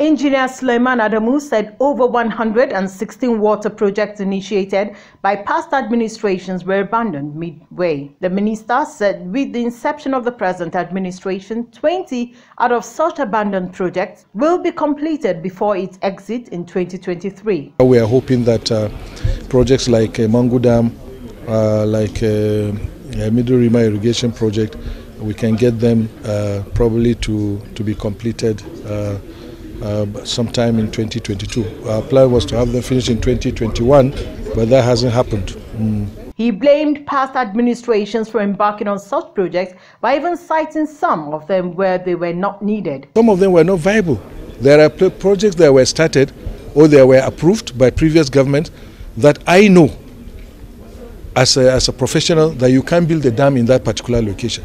Engineer Suleiman Adamu said over 116 water projects initiated by past administrations were abandoned midway. The minister said with the inception of the present administration, 20 out of such abandoned projects will be completed before its exit in 2023. We are hoping that uh, projects like uh, Mangu Dam, uh, like uh, uh Middle Rima Irrigation Project, we can get them uh, probably to, to be completed uh, uh, sometime in 2022. Our plan was to have them finished in 2021, but that hasn't happened. Mm. He blamed past administrations for embarking on such projects by even citing some of them where they were not needed. Some of them were not viable. There are projects that were started or they were approved by previous government that I know as a, as a professional that you can't build a dam in that particular location.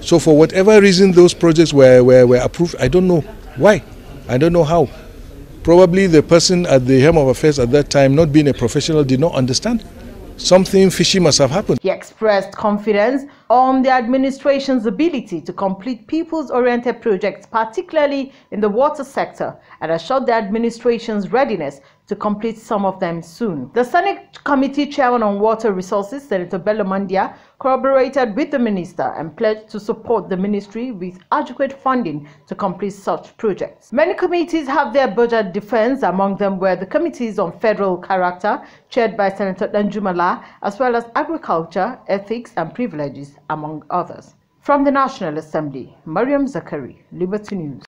So for whatever reason those projects were, were, were approved, I don't know why. I don't know how. Probably the person at the helm of affairs at that time, not being a professional, did not understand. Something fishy must have happened. He expressed confidence on the administration's ability to complete people's-oriented projects, particularly in the water sector, and assured the administration's readiness to complete some of them soon. The Senate Committee Chairman on Water Resources, Senator Bellamandia, corroborated with the minister and pledged to support the ministry with adequate funding to complete such projects. Many committees have their budget defense, among them were the committees on federal character, chaired by Senator Danjumala, as well as agriculture, ethics and privileges, among others. From the National Assembly, Mariam Zakari, Liberty News.